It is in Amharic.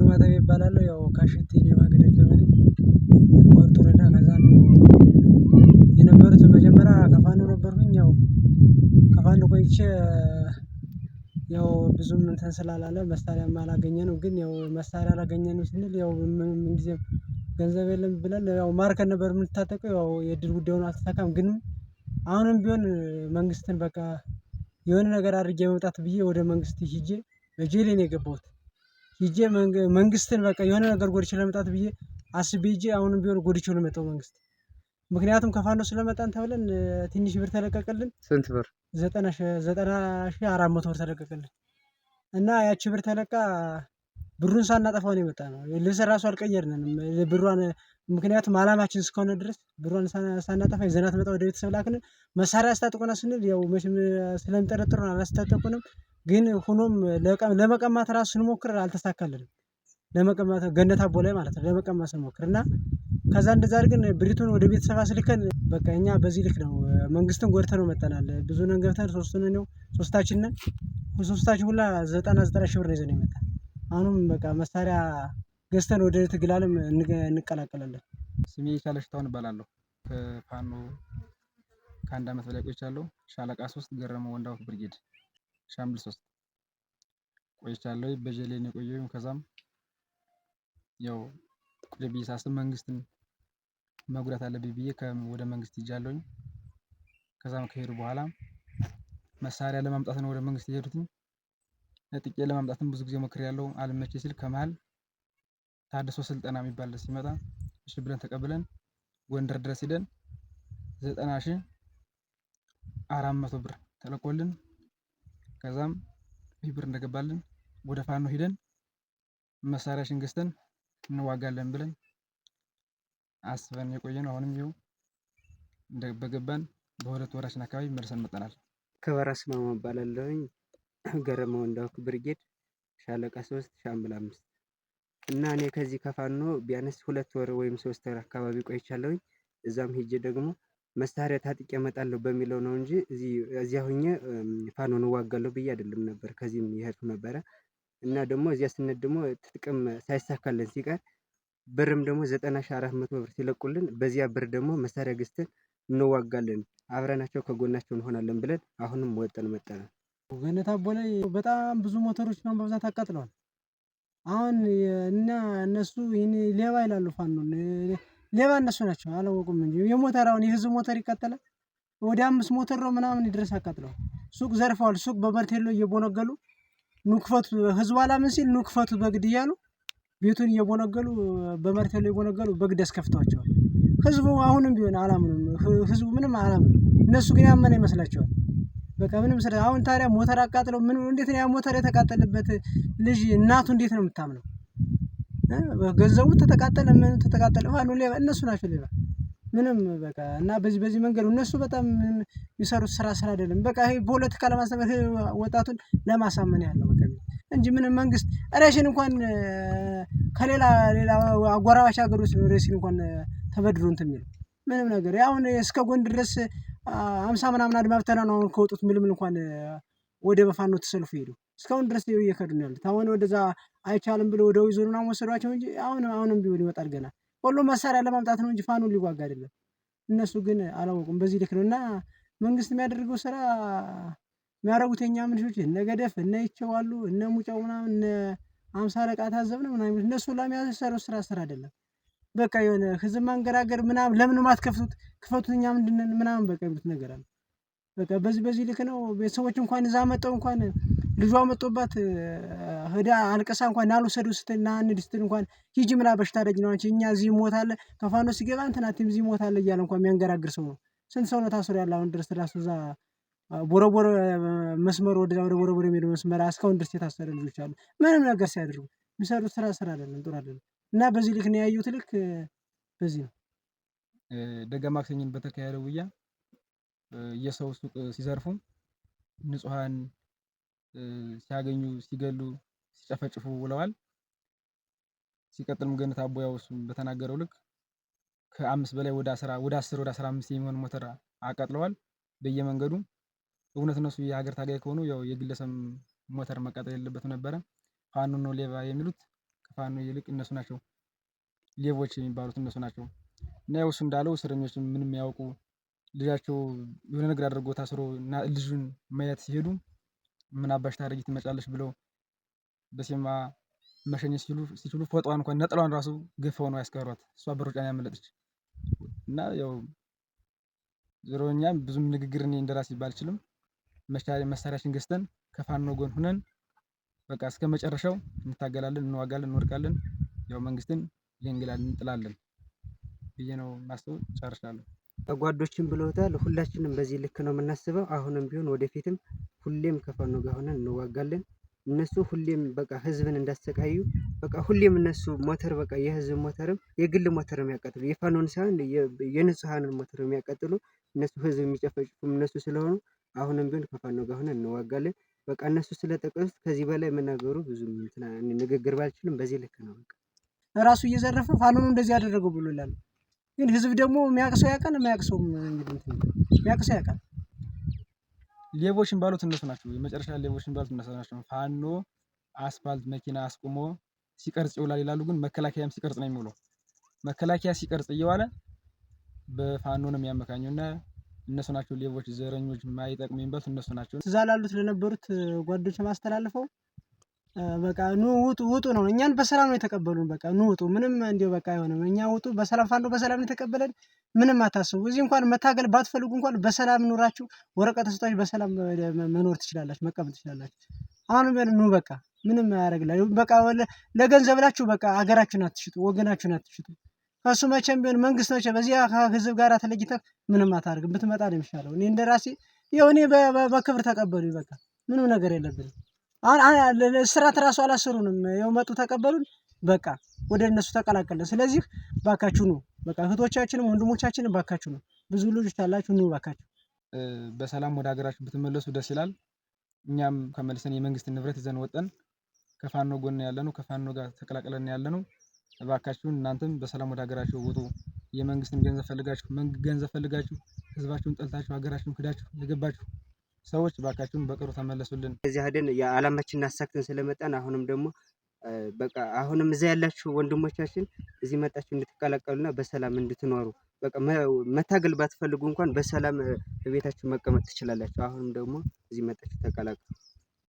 ብርድ ማጠቢያ ይባላል ያው ካሽንቴ ለማገገም ዘመኔ ወቅቱ ከዛ ነው። የነበሩት መጀመሪያ ከፋኖ ነበርኩኝ ያው ከፋኖ ቆይቼ ያው ብዙም እንትን ስላላለ መሳሪያም ነው። ግን ያው መሳሪያ ነው ስንል ያው ምንም ገንዘብ የለም ብለን ያው ማርከን ነበር የምንታጠቀው ያው የድል ጉዳይ አልተሳካም። ግን አሁንም ቢሆን መንግስትን በቃ የሆነ ነገር አድርጌ መምጣት ብዬ ወደ መንግስት ሂጄ በጄሌ ነው የገባሁት ሄጄ መንግስትን በቃ የሆነ ነገር ጎድቼ ለመምጣት ብዬ አስቤ ሄጄ አሁንም ቢሆን ጎድቼው ነው የመጣው መንግስት። ምክንያቱም ከፋኖ ስለመጣን ተብለን ትንሽ ብር ተለቀቀልን። ስንት ብር? ዘጠና ሺህ አራት መቶ ብር ተለቀቀልን። እና ያቺ ብር ተለቃ ብሩን ሳናጠፋው ነው የመጣ ነው። ልብስ ራሱ አልቀየርንም። ብሯን ምክንያቱም አላማችን እስከሆነ ድረስ ብሯን ሳናጠፋ ይዘናት መጣ ወደ ቤተሰብ ላክን። መሳሪያ አስታጥቁና ስንል ያው መቼም ስለሚጠረጥሩን አላስታጠቁንም። ግን ሆኖም ለመቀማት ራሱ ስንሞክር አልተሳካልንም። ለመቀማት ገነት አቦ ላይ ማለት ነው ለመቀማት ስንሞክር እና ከዛ እንደዛ አድርገን ብሪቱን ወደ ቤተሰብ አስልከን በቃ እኛ በዚህ ልክ ነው መንግስትን ጎድተ ነው መጠናል። ብዙ ነን ገብተን ሶስቱን ነው ሶስታችን ነን ሶስታችን ሁላ ዘጠና ዘጠና ሺህ ብር ነው ይዘን ይመጣል። አሁንም በቃ መሳሪያ ገዝተን ወደ ትግል አለም እንቀላቀላለን። ስሜ ሽታውን እባላለሁ ከፋኖ ከአንድ አመት በላይ ቆይቻለሁ። ሻለቃ ሶስት ገረመ ወንዳውት ብርጌድ ሻምብል ሶስት ቆይቻለሁ። በጀሌን ነው ከዛም ያው ቁጭ ብዬ ሳስብ መንግስትን መጉዳት አለብኝ ብዬ ወደ መንግስት ይጃለሁኝ። ከዛም ከሄዱ በኋላ መሳሪያ ለማምጣት ነው ወደ መንግስት የሄዱትኝ ነጥቄ ለማምጣትም ብዙ ጊዜ ሞክር ሞክሬያለሁ። አልመቼ ሲል ከመሃል ታድሶ ስልጠና የሚባል ሲመጣ እሺ ብለን ተቀብለን ጎንደር ድረስ ሂደን ዘጠና ሺ አራት መቶ ብር ተለቆልን ከዛም ይህ ብር እንደገባልን ወደ ፋኖ ሂደን መሳሪያ ገዝተን እንዋጋለን ብለን አስበን የቆየን አሁንም ይኸው በገባን በሁለት ወራችን አካባቢ መልሰን መጠናል። ከበረ አስማማው እባላለሁኝ ገረመው እንዳውክ ብርጌድ ሻለቃ ሶስት ሻምበል አምስት እና እኔ ከዚህ ከፋኖ ቢያንስ ሁለት ወር ወይም ሶስት ወር አካባቢ ቆይቻለሁኝ። እዛም ሂጄ ደግሞ መሳሪያ ታጥቄ እመጣለሁ በሚለው ነው እንጂ እዚያ ሁኜ ፋኖን እዋጋለሁ ብዬ አይደለም ነበር። ከዚህም ይሄድኩ ነበረ እና ደግሞ እዚያ ስነት ደግሞ ትጥቅም ሳይሳካልን ሲቀር ብርም ደግሞ ዘጠና ሺ አራት መቶ ብር ሲለቁልን በዚያ ብር ደግሞ መሳሪያ ገዝተን እንዋጋለን፣ አብረናቸው ከጎናቸው እንሆናለን ብለን አሁንም ወጠን መጠናል። ገነት አቦ ላይ በጣም ብዙ ሞተሮች ነው በብዛት አቃጥለዋል። አሁን እና እነሱ ይህን ሌባ ይላሉ ፋኖ ሌባ እነሱ ናቸው አላወቁም እንጂ የሞተር አሁን የህዝብ ሞተር ይቃጠላል። ወደ አምስት ሞተር ነው ምናምን ድረስ አቃጥለዋል። ሱቅ ዘርፈዋል። ሱቅ በመርቴሎ እየቦነገሉ ኑክፈቱ ህዝቡ አላምን ሲል ኑክፈቱ በግድ እያሉ ቤቱን እየቦነገሉ በመርቴሎ እየቦነገሉ በግድ አስከፍተዋቸዋል። ህዝቡ አሁንም ቢሆን አላምኑም። ህዝቡ ምንም አላምኑ። እነሱ ግን ያመነ ይመስላቸዋል። በቃ ምንም ስለ አሁን ታዲያ ሞተር አቃጥለው ምን እንዴት ነው ያ ሞተር የተቃጠለበት ልጅ እናቱ እንዴት ነው የምታምነው? ገንዘቡ ተተቃጠለ ምን ተተቃጠለ አሉ ሌባ እነሱ ናቸው ሌባ ምንም በቃ እና በዚህ በዚህ መንገድ እነሱ በጣም የሚሰሩት ስራ ስራ አይደለም። በቃ ይሄ ፖለቲካ ለማስተማር ወጣቱን ለማሳመን ያለው በቃ እንጂ ምንም መንግስት ሬሽን እንኳን ከሌላ ሌላ አጎራባች ሀገሮች ሬሽን እንኳን ተበድሮ እንትን የሚለው ምንም ነገር አሁን እስከ ጎን ድረስ አምሳ ምናምን አድማ ብተና ነው አሁን ከወጡት ምልምል እንኳን ወደ በፋኖ ተሰልፎ ሄዱ እስካሁን ድረስ እየከዱ ነው ያሉት። አሁን ወደዛ አይቻልም ብሎ ወደ ወይዘሮ ምናምን ወሰዷቸው እንጂ አሁን አሁንም ቢሆን ይወጣል ገና ሁሉም መሳሪያ ለማምጣት ነው እንጂ ፋኖን ሊዋጋ አይደለም። እነሱ ግን አላወቁም። በዚህ ልክ ነው እና መንግስት የሚያደርገው ስራ የሚያደርጉት የኛ ምንሾች እነ ገደፍ እነ ይቸዋሉ እነ ሙጫው ምናምን እነ አምሳ አለቃ ነው ምናምን እነሱ ለመያዝ ስራ ስራ አይደለም። በቃ የሆነ ህዝብ ማንገራገር ምናምን ለምን ማትከፍቱት ክፈቱት እኛ ምንድነን ምናምን በቃ የሚሉት ነገር አለ። በቃ በዚህ በዚህ ልክ ነው ቤተሰቦች እንኳን እዛ መጠው እንኳን ልጇ መጦባት ህዳ አልቀሳ እንኳን ናልወሰዱ ስትል ና ስትል እንኳን ሂጂ ምና በሽታ ደጅ ነው አንቺ እኛ እዚህ ሞታለ ከፋኖ ሲገባ እንትና ቲም እዚህ ሞታለ እያለ እንኳን የሚያንገራግር ሰው ነው። ስንት ሰው ነው ታስሮ ያለ አሁን ድረስ ራሱ እዛ ቦረቦረ መስመር ወደዛ ወደ ቦረቦረ የሚሄደው መስመር እስካሁን ድረስ የታሰረ ልጆች አሉ። ምንም ነገር ሲያደርጉ የሚሰሩት ስራ ስራ አይደለም ጥሩ አይደለም። እና በዚህ ልክ ነው ያየሁት። ልክ በዚህ ነው ደጋ ማክሰኝን በተካሄደው ውያ የሰው ሱቅ ሲዘርፉ ንጹሃን ሲያገኙ ሲገሉ ሲጨፈጭፉ ውለዋል። ሲቀጥልም ገነት አቦያው እሱም በተናገረው ልክ ከአምስት በላይ ወደ አስራ ወደ አስር ወደ አስራ አምስት የሚሆን ሞተር አቃጥለዋል በየመንገዱ። እውነት እነሱ የሀገር ታጋይ ከሆኑ ያው የግለሰብ ሞተር መቃጠል የለበትም ነበረ። ፋኖ ነው ሌባ የሚሉት ከፋኖ ይልቅ እነሱ ናቸው ሌቦች የሚባሉት እነሱ ናቸው። እና ያው እሱ እንዳለው እስረኞች ምንም ያውቁ ልጃቸው የሆነ ነገር አድርጎ ታስሮ እና ልጁን ማየት ሲሄዱ ምን አባሽ ታደርጊ ትመጫለሽ ብለው በሴማ መሸኘት ሲችሉ ፎጣዋን እንኳን ነጥሏን ራሱ ገፈው ነው ያስቀሯት። እሷ በሩጫን ያመለጠች እና ያው ዝሮኛ ብዙም ንግግር እኔ እንደራሴ ባልችልም መሳሪያችን ገዝተን ከፋኖ ጎን ሁነን በቃ እስከ መጨረሻው እንታገላለን፣ እንዋጋለን፣ እንወድቃለን። ያው መንግስትን ይንግላል እንጥላለን ብዬ ነው የማስበው። ጨርሻለሁ። ጓዶችን ብለውታል። ሁላችንም በዚህ ልክ ነው የምናስበው። አሁንም ቢሆን ወደፊትም ሁሌም ከፋኖ ጋር ሆነን እንዋጋለን። እነሱ ሁሌም በቃ ህዝብን እንዳሰቃዩ በቃ ሁሌም እነሱ ሞተር በቃ የህዝብ ሞተርም የግል ሞተር የሚያቀጥሉ የፋኖን ሳይሆን የንጹሐንን ሞተር የሚያቀጥሉ እነሱ ህዝብ የሚጨፈጭፉም እነሱ ስለሆኑ አሁንም ቢሆን ከፋኖ ጋር ሆነን እንዋጋለን። በቃ እነሱ ስለጠቀሱት ከዚህ በላይ መናገሩ ብዙ ንግግር ባልችልም በዚህ ልክ ነው። እራሱ እየዘረፈ ፋኖኑ እንደዚህ ያደረገው ብሎላል። ግን ህዝብ ደግሞ የሚያቅሰው ያውቃል፣ የሚያቅሰው የሚያቅሰው ያውቃል። ሌቦች የሚባሉት እነሱ ናቸው። የመጨረሻ ሌቦች ባሉት እነሱ ናቸው። ፋኖ አስፋልት መኪና አስቁሞ ሲቀርጽ ይውላል ይላሉ። ግን መከላከያም ሲቀርጽ ነው የሚውለው። መከላከያ ሲቀርጽ እየዋለ በፋኖ ነው የሚያመካኙና እነሱ ናቸው ሌቦች፣ ዘረኞች፣ የማይጠቅሙ የሚባሉት እነሱ ናቸው። እዛ ላሉት ለነበሩት ጓዶች ማስተላልፈው በቃ ኑ ውጡ ውጡ ነው። እኛን በሰላም ነው የተቀበሉን። በቃ ኑ ውጡ፣ ምንም እንዲያው በቃ አይሆንም። እኛ ውጡ፣ በሰላም ፋኖ በሰላም ነው የተቀበለን። ምንም አታስቡ። እዚህ እንኳን መታገል ባትፈልጉ እንኳን በሰላም ኑራችሁ ወረቀት ተሰጣችሁ በሰላም መኖር ትችላላችሁ፣ መቀመጥ ትችላላችሁ። አሁን ምን ኑ በቃ ምንም አያደርግላችሁ። በቃ ለገንዘብላችሁ በቃ አገራችሁን አትሽጡ፣ ወገናችሁን አትሽጡ። ከእሱ መቼም ቢሆን መንግስት መቼ በዚህ ህዝብ ጋር ተለይተህ ምንም አታደርግም። ብትመጣ ነው የሚሻለው። እኔ እንደ ራሴ እኔ በክብር ተቀበሉ በቃ ምንም ነገር የለብንም። ስራት ራሱ አላሰሩንም። ይኸው መጡ፣ ተቀበሉን። በቃ ወደ እነሱ ተቀላቀለ። ስለዚህ ባካችሁ ነው በቃ እህቶቻችንም ወንድሞቻችንም ባካችሁ ነው። ብዙ ልጆች አላችሁ፣ ኑ ባካችሁ። በሰላም ወደ ሀገራችሁ ብትመለሱ ደስ ይላል። እኛም ከመልሰን የመንግስት ንብረት ይዘን ወጠን ከፋኖ ጎን ያለነው ከፋኖ ጋር ተቀላቅለን ያለነው እባካችሁን እናንተም በሰላም ወደ ሀገራችሁ ውጡ። የመንግስትን ገንዘብ ፈልጋችሁ ገንዘብ ፈልጋችሁ ህዝባችሁን ጠልታችሁ ሀገራችሁን ክዳችሁ የገባችሁ ሰዎች እባካችሁን በቅርቡ ተመለሱልን። እዚህ ሄደን የዓላማችን እናሳክተን ስለመጣን አሁንም ደግሞ በቃ አሁንም እዛ ያላችሁ ወንድሞቻችን እዚህ መጣችሁ እንድትቀላቀሉና በሰላም እንድትኖሩ በቃ መታገል ባትፈልጉ እንኳን በሰላም ቤታችሁ መቀመጥ ትችላላችሁ። አሁንም ደግሞ እዚህ መጣችሁ ተቀላቀሉ።